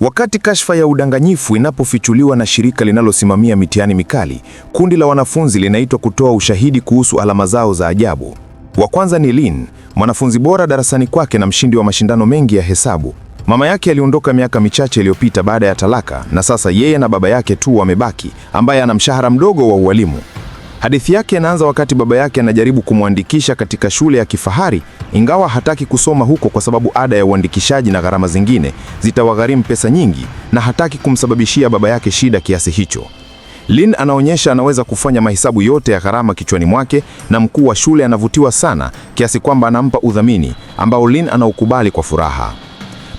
Wakati kashfa ya udanganyifu inapofichuliwa na shirika linalosimamia mitihani mikali, kundi la wanafunzi linaitwa kutoa ushahidi kuhusu alama zao za ajabu. Wa kwanza ni lin mwanafunzi bora darasani kwake na mshindi wa mashindano mengi ya hesabu. Mama yake aliondoka miaka michache iliyopita baada ya talaka, na sasa yeye na baba yake tu wamebaki, ambaye ana mshahara mdogo wa ualimu. Hadithi yake inaanza wakati baba yake anajaribu kumwandikisha katika shule ya kifahari, ingawa hataki kusoma huko kwa sababu ada ya uandikishaji na gharama zingine zitawagharimu pesa nyingi, na hataki kumsababishia baba yake shida kiasi hicho. lin anaonyesha anaweza kufanya mahesabu yote ya gharama kichwani mwake, na mkuu wa shule anavutiwa sana kiasi kwamba anampa udhamini ambao Lin anaukubali kwa furaha.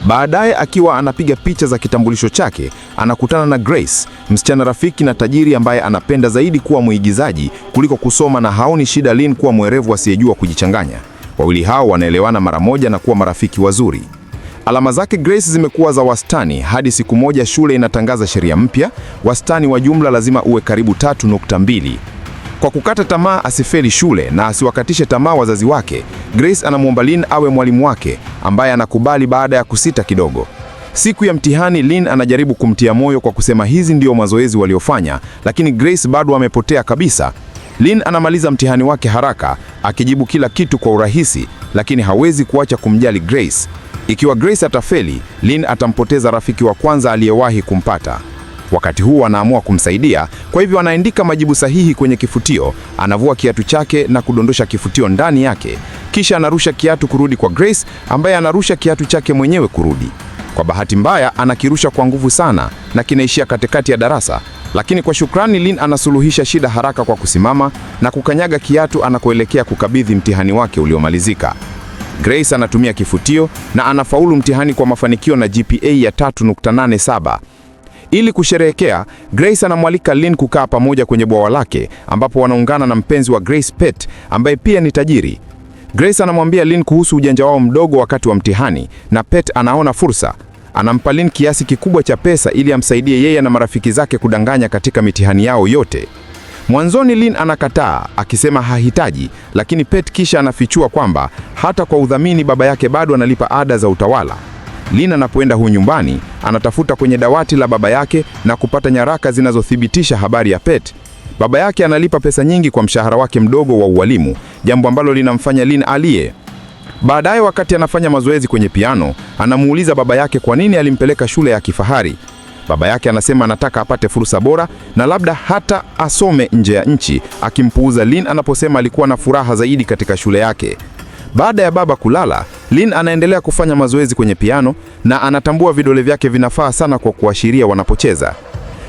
Baadaye akiwa anapiga picha za kitambulisho chake, anakutana na Grace, msichana rafiki na tajiri ambaye anapenda zaidi kuwa mwigizaji kuliko kusoma na haoni shida Lynn kuwa mwerevu asiyejua kujichanganya. Wawili hao wanaelewana mara moja na kuwa marafiki wazuri. Alama zake Grace zimekuwa za wastani hadi siku moja shule inatangaza sheria mpya, wastani wa jumla lazima uwe karibu 3.2. Kwa kukata tamaa asifeli shule na asiwakatishe tamaa wazazi wake, Grace anamwomba Lynn awe mwalimu wake ambaye anakubali baada ya kusita kidogo. Siku ya mtihani, Lynn anajaribu kumtia moyo kwa kusema hizi ndiyo mazoezi waliofanya, lakini Grace bado amepotea kabisa. Lynn anamaliza mtihani wake haraka akijibu kila kitu kwa urahisi, lakini hawezi kuacha kumjali Grace. Ikiwa Grace atafeli, Lynn atampoteza rafiki wa kwanza aliyewahi kumpata. Wakati huu anaamua kumsaidia, kwa hivyo anaandika majibu sahihi kwenye kifutio, anavua kiatu chake na kudondosha kifutio ndani yake, kisha anarusha kiatu kurudi kwa Grace ambaye anarusha kiatu chake mwenyewe kurudi. Kwa bahati mbaya, anakirusha kwa nguvu sana na kinaishia katikati ya darasa, lakini kwa shukrani, Lynn anasuluhisha shida haraka kwa kusimama na kukanyaga kiatu anakoelekea kukabidhi mtihani wake uliomalizika. Grace anatumia kifutio na anafaulu mtihani kwa mafanikio na GPA ya 3.87. Ili kusherehekea, Grace anamwalika Lynn kukaa pamoja kwenye bwawa lake ambapo wanaungana na mpenzi wa Grace Pet ambaye pia ni tajiri. Grace anamwambia Lynn kuhusu ujanja wao mdogo wakati wa mtihani na Pet anaona fursa. Anampa Lynn kiasi kikubwa cha pesa ili amsaidie yeye na marafiki zake kudanganya katika mitihani yao yote. Mwanzoni Lynn anakataa akisema hahitaji, lakini Pet kisha anafichua kwamba hata kwa udhamini baba yake bado analipa ada za utawala. Lina anapoenda huu nyumbani, anatafuta kwenye dawati la baba yake na kupata nyaraka zinazothibitisha habari ya pet Baba yake analipa pesa nyingi kwa mshahara wake mdogo wa ualimu, jambo ambalo linamfanya Lin alie. Baadaye, wakati anafanya mazoezi kwenye piano, anamuuliza baba yake kwa nini alimpeleka shule ya kifahari. Baba yake anasema anataka apate fursa bora na labda hata asome nje ya nchi, akimpuuza Lin anaposema alikuwa na furaha zaidi katika shule yake. Baada ya baba kulala, lin anaendelea kufanya mazoezi kwenye piano na anatambua vidole vyake vinafaa sana kwa kuashiria wanapocheza.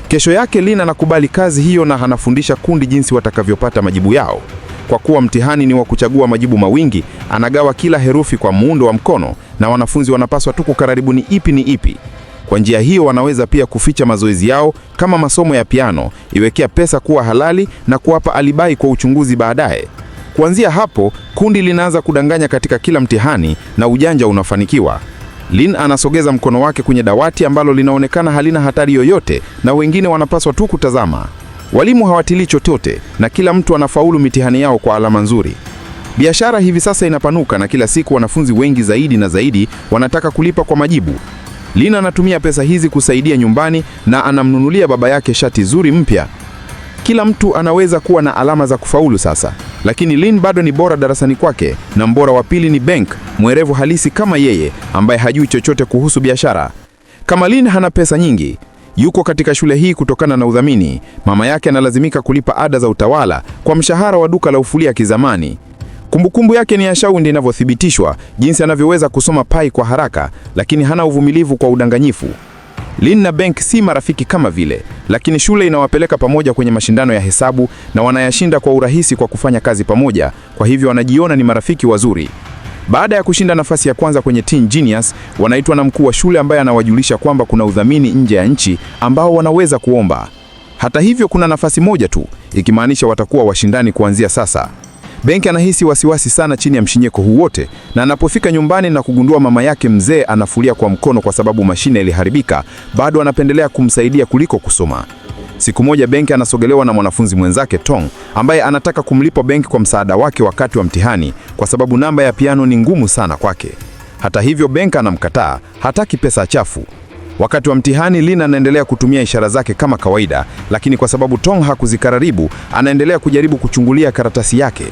Kesho yake lin anakubali kazi hiyo na anafundisha kundi jinsi watakavyopata majibu yao. Kwa kuwa mtihani ni wa kuchagua majibu mawingi, anagawa kila herufi kwa muundo wa mkono na wanafunzi wanapaswa tu kukaribu ni ipi ni ipi. Kwa njia hiyo wanaweza pia kuficha mazoezi yao kama masomo ya piano, iwekea pesa kuwa halali na kuwapa alibai kwa uchunguzi baadaye. Kuanzia hapo, kundi linaanza kudanganya katika kila mtihani na ujanja unafanikiwa. lin anasogeza mkono wake kwenye dawati ambalo linaonekana halina hatari yoyote na wengine wanapaswa tu kutazama. Walimu hawatilii chochote na kila mtu anafaulu mitihani yao kwa alama nzuri. Biashara hivi sasa inapanuka na kila siku wanafunzi wengi zaidi na zaidi wanataka kulipa kwa majibu. lin anatumia pesa hizi kusaidia nyumbani na anamnunulia baba yake shati zuri mpya kila mtu anaweza kuwa na alama za kufaulu sasa, lakini lin bado ni bora darasani kwake, na mbora wa pili ni Bank, mwerevu halisi kama yeye, ambaye hajui chochote kuhusu biashara. Kama lin hana pesa nyingi, yuko katika shule hii kutokana na udhamini. Mama yake analazimika kulipa ada za utawala kwa mshahara wa duka la ufulia kizamani. Kumbukumbu yake ni ya shaundi inavyothibitishwa, jinsi anavyoweza kusoma pai kwa haraka, lakini hana uvumilivu kwa udanganyifu lin na Bank si marafiki kama vile, lakini shule inawapeleka pamoja kwenye mashindano ya hesabu na wanayashinda kwa urahisi kwa kufanya kazi pamoja, kwa hivyo wanajiona ni marafiki wazuri. Baada ya kushinda nafasi ya kwanza kwenye Teen Genius, wanaitwa na mkuu wa shule ambaye anawajulisha kwamba kuna udhamini nje ya nchi ambao wanaweza kuomba. Hata hivyo, kuna nafasi moja tu, ikimaanisha watakuwa washindani kuanzia sasa benki anahisi wasiwasi sana chini ya mshinyeko huu wote, na anapofika nyumbani na kugundua mama yake mzee anafulia kwa mkono kwa sababu mashine iliharibika, bado anapendelea kumsaidia kuliko kusoma. Siku moja Benki anasogelewa na mwanafunzi mwenzake Tong ambaye anataka kumlipa benki kwa msaada wake wakati wa mtihani kwa sababu namba ya piano ni ngumu sana kwake. Hata hivyo, Benki anamkataa, hataki pesa chafu. Wakati wa mtihani Lina anaendelea kutumia ishara zake kama kawaida, lakini kwa sababu Tong hakuzikaribu, anaendelea kujaribu kuchungulia karatasi yake.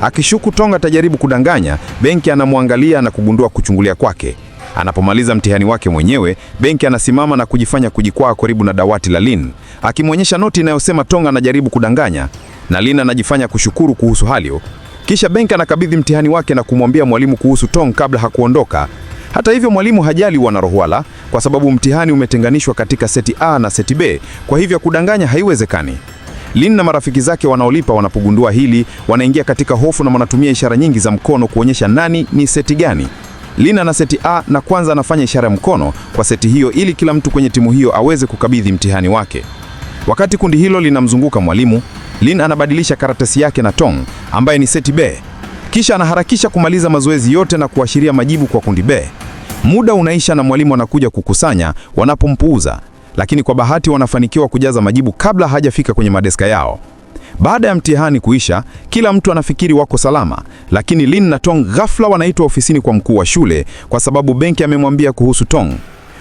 Akishuku Tonga atajaribu kudanganya, Benki anamwangalia na kugundua kuchungulia kwake. Anapomaliza mtihani wake mwenyewe, Benki anasimama na kujifanya kujikwaa karibu na dawati la Lin, akimwonyesha noti inayosema Tonga anajaribu kudanganya, na Lin anajifanya kushukuru kuhusu halio. Kisha Benki anakabidhi mtihani wake na kumwambia mwalimu kuhusu Tong kabla hakuondoka. Hata hivyo mwalimu hajali wanarohwala kwa sababu mtihani umetenganishwa katika seti A na seti B, kwa hivyo kudanganya haiwezekani. Lin na marafiki zake wanaolipa wanapogundua hili, wanaingia katika hofu na wanatumia ishara nyingi za mkono kuonyesha nani ni seti gani. Lin ana seti A na kwanza anafanya ishara ya mkono kwa seti hiyo ili kila mtu kwenye timu hiyo aweze kukabidhi mtihani wake. Wakati kundi hilo linamzunguka mwalimu, Lin anabadilisha karatasi yake na Tong ambaye ni seti B. Kisha anaharakisha kumaliza mazoezi yote na kuashiria majibu kwa kundi B. Muda unaisha na mwalimu anakuja kukusanya wanapompuuza lakini kwa bahati wanafanikiwa kujaza majibu kabla hajafika kwenye madeska yao. Baada ya mtihani kuisha, kila mtu anafikiri wako salama, lakini Lin na Tong ghafla wanaitwa ofisini kwa mkuu wa shule kwa sababu benki amemwambia kuhusu Tong.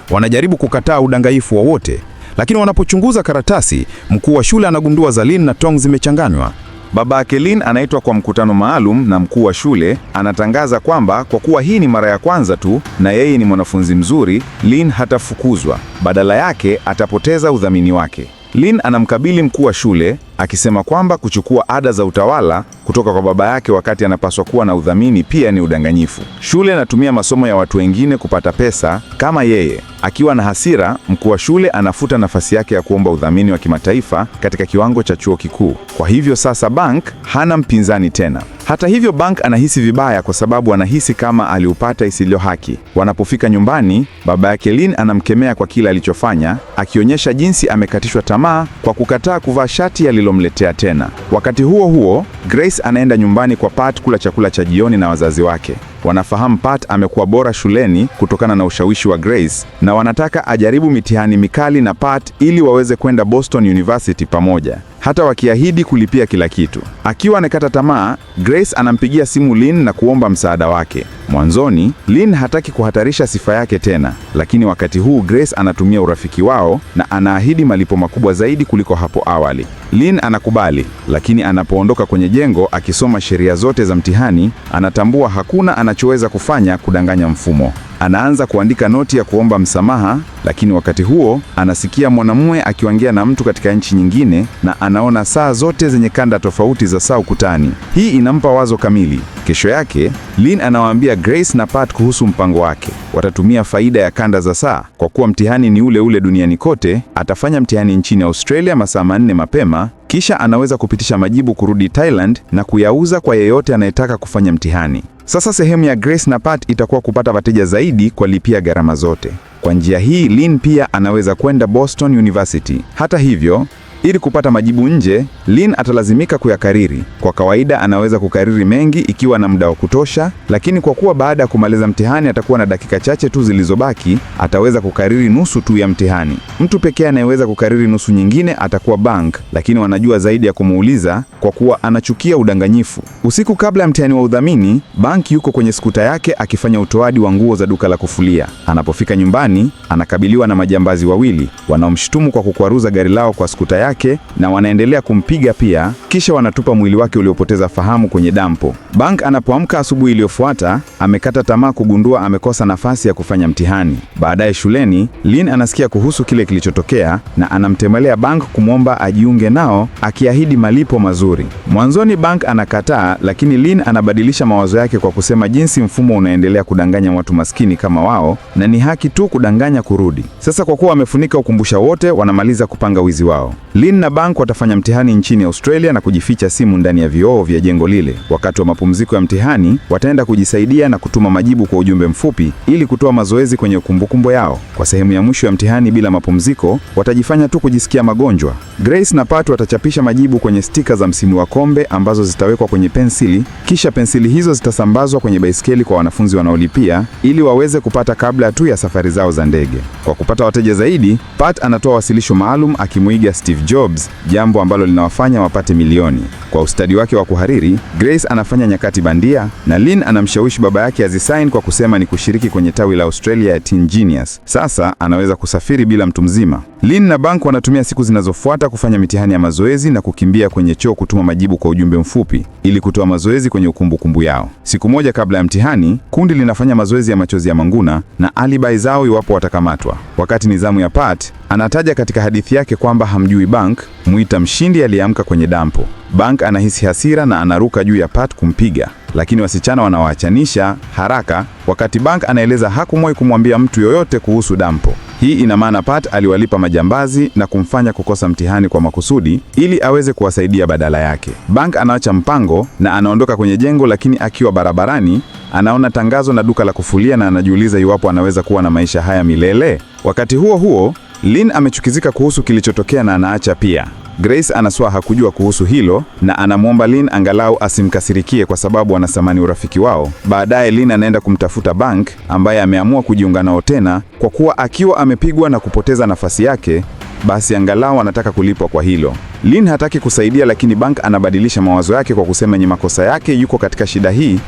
Wanajaribu kukataa udangaifu wowote, lakini wanapochunguza karatasi, mkuu wa shule anagundua za Lin na Tong zimechanganywa. Baba Akelin anaitwa kwa mkutano maalum na mkuu wa shule anatangaza kwamba kwa kuwa hii ni mara ya kwanza tu na yeye ni mwanafunzi mzuri, Lin hatafukuzwa, badala yake atapoteza udhamini wake. Lin anamkabili mkuu wa shule akisema kwamba kuchukua ada za utawala kutoka kwa baba yake wakati anapaswa kuwa na udhamini pia ni udanganyifu. Shule anatumia masomo ya watu wengine kupata pesa kama yeye. Akiwa na hasira, mkuu wa shule anafuta nafasi yake ya kuomba udhamini wa kimataifa katika kiwango cha chuo kikuu. Kwa hivyo sasa Bank hana mpinzani tena. Hata hivyo, Bank anahisi vibaya kwa sababu anahisi kama aliupata isiyo haki. Wanapofika nyumbani, baba yake Lin anamkemea kwa kile alichofanya, akionyesha jinsi amekatishwa tamaa kwa kukataa kuvaa shati ya alilomletea tena. Wakati huo huo, Grace anaenda nyumbani kwa Pat kula chakula cha jioni na wazazi wake. Wanafahamu Pat amekuwa bora shuleni kutokana na ushawishi wa Grace na wanataka ajaribu mitihani mikali na Pat ili waweze kwenda Boston University pamoja hata wakiahidi kulipia kila kitu. Akiwa anakata tamaa, Grace anampigia simu Lynn na kuomba msaada wake. Mwanzoni Lynn hataki kuhatarisha sifa yake tena, lakini wakati huu Grace anatumia urafiki wao na anaahidi malipo makubwa zaidi kuliko hapo awali. Lynn anakubali, lakini anapoondoka kwenye jengo akisoma sheria zote za mtihani, anatambua hakuna anachoweza kufanya kudanganya mfumo. Anaanza kuandika noti ya kuomba msamaha, lakini wakati huo anasikia mwanamume akiongea na mtu katika nchi nyingine na anaona saa zote zenye kanda tofauti za saa ukutani. Hii inampa wazo kamili. Kesho yake Lynn anawaambia Grace na Pat kuhusu mpango wake. Watatumia faida ya kanda za saa. Kwa kuwa mtihani ni ule ule duniani kote, atafanya mtihani nchini Australia masaa manne mapema, kisha anaweza kupitisha majibu kurudi Thailand na kuyauza kwa yeyote anayetaka kufanya mtihani. Sasa sehemu ya Grace na Pat itakuwa kupata wateja zaidi kwa lipia gharama zote. Kwa njia hii, Lynn pia anaweza kwenda Boston University. Hata hivyo ili kupata majibu nje, Lynn atalazimika kuyakariri. Kwa kawaida anaweza kukariri mengi ikiwa na muda wa kutosha, lakini kwa kuwa baada ya kumaliza mtihani atakuwa na dakika chache tu zilizobaki, ataweza kukariri nusu tu ya mtihani. Mtu pekee anayeweza kukariri nusu nyingine atakuwa Bank, lakini wanajua zaidi ya kumuuliza kwa kuwa anachukia udanganyifu. Usiku kabla ya mtihani wa udhamini, Bank yuko kwenye skuta yake akifanya utoaji wa nguo za duka la kufulia. Anapofika nyumbani, anakabiliwa na majambazi wawili wanaomshutumu kwa kukwaruza gari lao kwa skuta yake wake na wanaendelea kumpiga pia, kisha wanatupa mwili wake uliopoteza fahamu kwenye dampo. Bank anapoamka asubuhi iliyofuata, amekata tamaa kugundua amekosa nafasi ya kufanya mtihani. Baadaye shuleni, Lin anasikia kuhusu kile kilichotokea na anamtembelea Bank kumwomba ajiunge nao, akiahidi malipo mazuri. Mwanzoni Bank anakataa, lakini Lin anabadilisha mawazo yake kwa kusema jinsi mfumo unaendelea kudanganya watu maskini kama wao na ni haki tu kudanganya kurudi. Sasa kwa kuwa wamefunika ukumbusha wote, wanamaliza kupanga wizi wao. Lynn na Bank watafanya mtihani nchini Australia na kujificha simu ndani ya vioo vya jengo lile. Wakati wa mapumziko ya mtihani, wataenda kujisaidia na kutuma majibu kwa ujumbe mfupi ili kutoa mazoezi kwenye kumbukumbu yao. Kwa sehemu ya mwisho ya mtihani bila mapumziko, watajifanya tu kujisikia magonjwa. Grace na Pat watachapisha majibu kwenye stika za msimu wa kombe ambazo zitawekwa kwenye pensili, kisha pensili hizo zitasambazwa kwenye baiskeli kwa wanafunzi wanaolipia ili waweze kupata kabla tu ya safari zao za ndege. Kwa kupata wateja zaidi, Pat anatoa wasilisho maalum akimuiga Steve Jobs, jambo ambalo linawafanya wapate milioni. Kwa ustadi wake wa kuhariri, Grace anafanya nyakati bandia na Lynn anamshawishi baba yake azisign kwa kusema ni kushiriki kwenye tawi la Australia ya Teen Genius. Sasa anaweza kusafiri bila mtu mzima. Lynn na Bank wanatumia siku zinazofuata kufanya mitihani ya mazoezi na kukimbia kwenye choo kutuma majibu kwa ujumbe mfupi ili kutoa mazoezi kwenye ukumbukumbu yao. Siku moja kabla ya mtihani, kundi linafanya mazoezi ya machozi ya manguna na alibai zao iwapo watakamatwa. Wakati ni zamu ya Pat, Anataja katika hadithi yake kwamba hamjui Bank, Mwita mshindi aliyeamka kwenye dampo. Bank anahisi hasira na anaruka juu ya Pat kumpiga, lakini wasichana wanawaachanisha haraka, wakati Bank anaeleza hakumwahi kumwambia mtu yoyote kuhusu dampo. Hii ina maana Pat aliwalipa majambazi na kumfanya kukosa mtihani kwa makusudi ili aweze kuwasaidia badala yake. Bank anaacha mpango na anaondoka kwenye jengo, lakini akiwa barabarani anaona tangazo na duka la kufulia na anajiuliza iwapo anaweza kuwa na maisha haya milele. Wakati huo huo Lynn amechukizika kuhusu kilichotokea na anaacha pia. Grace anaswa hakujua kuhusu hilo na anamwomba Lynn angalau asimkasirikie kwa sababu anasamani urafiki wao. Baadaye Lynn anaenda kumtafuta Bank ambaye ameamua kujiunga nao tena kwa kuwa akiwa amepigwa na kupoteza nafasi yake, basi angalau anataka kulipwa kwa hilo. Lynn hataki kusaidia, lakini Bank anabadilisha mawazo yake kwa kusema ni makosa yake, yuko katika shida hii,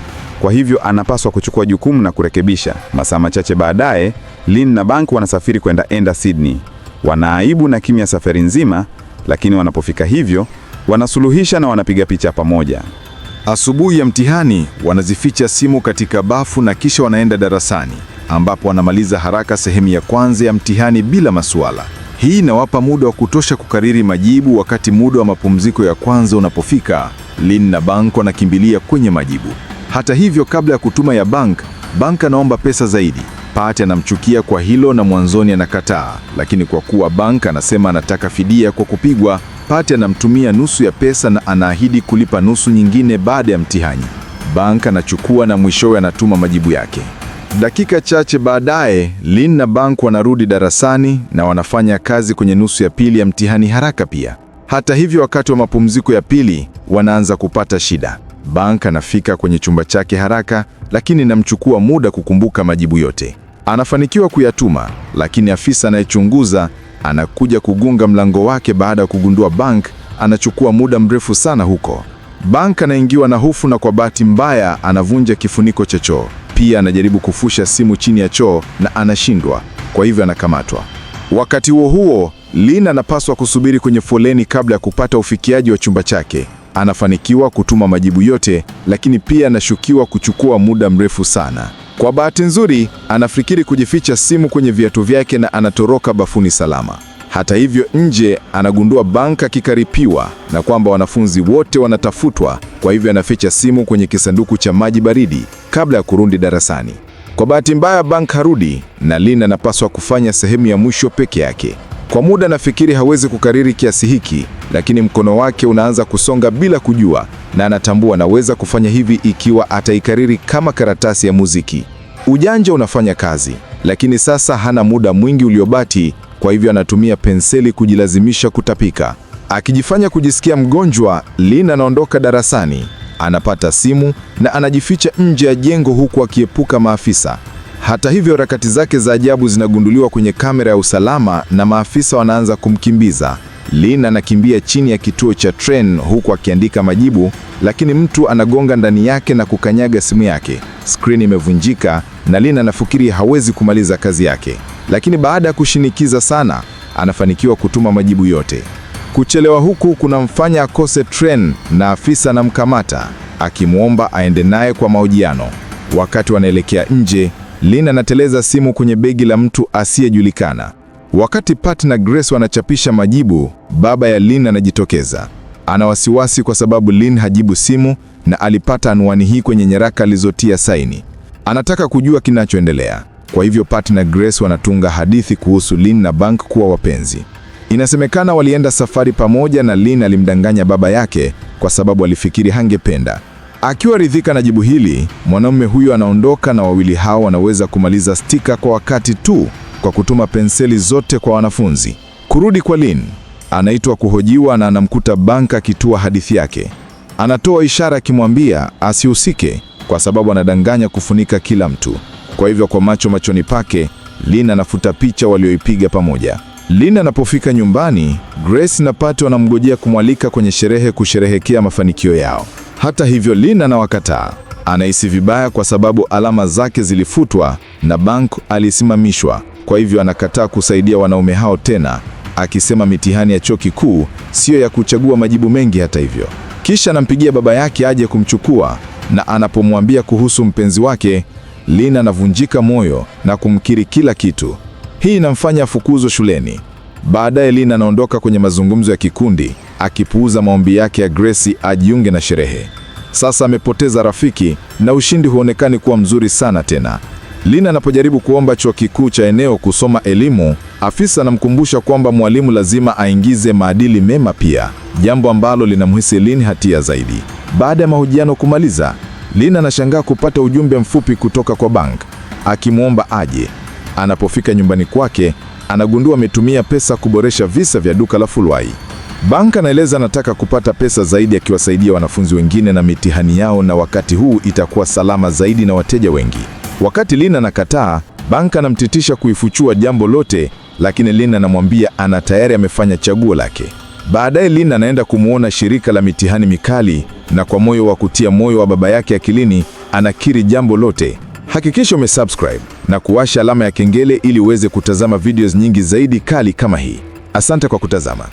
kwa hivyo anapaswa kuchukua jukumu na kurekebisha. Masaa machache baadaye Lynn na Bank wanasafiri kwenda enda Sydney. Wanaaibu na kimya safari nzima, lakini wanapofika hivyo wanasuluhisha na wanapiga picha pamoja. Asubuhi ya mtihani wanazificha simu katika bafu na kisha wanaenda darasani ambapo wanamaliza haraka sehemu ya kwanza ya mtihani bila masuala. Hii inawapa muda wa kutosha kukariri majibu. Wakati muda wa mapumziko ya kwanza unapofika, Lynn na Bank wanakimbilia kwenye majibu. Hata hivyo, kabla ya kutuma ya Bank, Bank anaomba pesa zaidi Pat anamchukia kwa hilo na mwanzoni anakataa, lakini kwa kuwa Bank anasema anataka fidia kwa kupigwa, Pat anamtumia nusu ya pesa na anaahidi kulipa nusu nyingine baada ya mtihani. Bank anachukua na mwishowe anatuma majibu yake. Dakika chache baadaye, lin na Bank wanarudi darasani na wanafanya kazi kwenye nusu ya pili ya mtihani haraka pia. Hata hivyo, wakati wa mapumziko ya pili wanaanza kupata shida. Bank anafika kwenye chumba chake haraka, lakini namchukua muda kukumbuka majibu yote. Anafanikiwa kuyatuma, lakini afisa anayechunguza anakuja kugunga mlango wake baada ya kugundua Bank anachukua muda mrefu sana huko. Bank anaingiwa na hofu na kwa bahati mbaya anavunja kifuniko cha choo. Pia anajaribu kufusha simu chini ya choo na anashindwa, kwa hivyo anakamatwa. Wakati huo huo, Lin anapaswa kusubiri kwenye foleni kabla ya kupata ufikiaji wa chumba chake. Anafanikiwa kutuma majibu yote, lakini pia anashukiwa kuchukua muda mrefu sana. Kwa bahati nzuri, anafikiri kujificha simu kwenye viatu vyake na anatoroka bafuni salama. Hata hivyo, nje anagundua banka kikaripiwa na kwamba wanafunzi wote wanatafutwa, kwa hivyo anaficha simu kwenye kisanduku cha maji baridi kabla ya kurudi darasani. Kwa bahati mbaya, bank harudi na lin anapaswa kufanya sehemu ya mwisho peke yake. Kwa muda nafikiri hawezi kukariri kiasi hiki, lakini mkono wake unaanza kusonga bila kujua, na anatambua anaweza kufanya hivi ikiwa ataikariri kama karatasi ya muziki. Ujanja unafanya kazi, lakini sasa hana muda mwingi uliobaki. Kwa hivyo anatumia penseli kujilazimisha kutapika. Akijifanya kujisikia mgonjwa, lina anaondoka darasani, anapata simu na anajificha nje ya jengo huku akiepuka maafisa. Hata hivyo, harakati zake za ajabu zinagunduliwa kwenye kamera ya usalama na maafisa wanaanza kumkimbiza. Lynn anakimbia chini ya kituo cha tren huku akiandika majibu, lakini mtu anagonga ndani yake na kukanyaga simu yake. Skrini imevunjika na Lynn anafikiri hawezi kumaliza kazi yake, lakini baada ya kushinikiza sana anafanikiwa kutuma majibu yote. Kuchelewa huku kunamfanya akose tren na afisa anamkamata akimwomba aende naye kwa mahojiano. Wakati wanaelekea nje Lynn anateleza simu kwenye begi la mtu asiyejulikana. Wakati Pat na Grace wanachapisha majibu, baba ya Lynn anajitokeza. Ana wasiwasi kwa sababu Lynn hajibu simu na alipata anwani hii kwenye nyaraka alizotia saini. Anataka kujua kinachoendelea. Kwa hivyo Pat na Grace wanatunga hadithi kuhusu Lynn na Bank kuwa wapenzi. Inasemekana walienda safari pamoja na Lynn alimdanganya baba yake kwa sababu alifikiri hangependa. Akiwa ridhika na jibu hili, mwanamume huyo anaondoka na wawili hao wanaweza kumaliza stika kwa wakati tu kwa kutuma penseli zote kwa wanafunzi. Kurudi kwa lin anaitwa kuhojiwa na anamkuta Bank akitua hadithi yake. Anatoa ishara akimwambia asihusike kwa sababu anadanganya kufunika kila mtu. Kwa hivyo kwa macho machoni pake, lin anafuta picha walioipiga pamoja. lin anapofika nyumbani, Grace na Pat wanamgojea kumwalika kwenye sherehe kusherehekea mafanikio yao. Hata hivyo, Lynn anawakataa. Anahisi vibaya kwa sababu alama zake zilifutwa na Bank alisimamishwa. Kwa hivyo anakataa kusaidia wanaume hao tena, akisema mitihani ya chuo kikuu siyo ya kuchagua majibu mengi. Hata hivyo, kisha anampigia baba yake aje kumchukua, na anapomwambia kuhusu mpenzi wake, Lynn anavunjika moyo na kumkiri kila kitu. Hii inamfanya afukuzwe shuleni. Baadaye Lynn anaondoka kwenye mazungumzo ya kikundi akipuuza maombi yake ya Grace ajiunge na sherehe. Sasa amepoteza rafiki na ushindi huonekani kuwa mzuri sana tena. Lina anapojaribu kuomba chuo kikuu cha eneo kusoma elimu, afisa anamkumbusha kwamba mwalimu lazima aingize maadili mema pia, jambo ambalo linamhisi Lin hatia zaidi. Baada ya mahojiano kumaliza, Lina anashangaa kupata ujumbe mfupi kutoka kwa Bank akimwomba aje. Anapofika nyumbani kwake, anagundua ametumia pesa kuboresha visa vya duka la Fulwai. Bank anaeleza anataka kupata pesa zaidi akiwasaidia wanafunzi wengine na mitihani yao, na wakati huu itakuwa salama zaidi na wateja wengi. Wakati Lina anakataa, Bank anamtitisha kuifuchua jambo lote, lakini Lina anamwambia ana tayari amefanya chaguo lake. Baadaye Lina anaenda kumwona shirika la mitihani mikali, na kwa moyo wa kutia moyo wa baba yake akilini, anakiri jambo lote. Hakikisha umesubscribe na kuwasha alama ya kengele ili uweze kutazama videos nyingi zaidi kali kama hii. Asante kwa kutazama.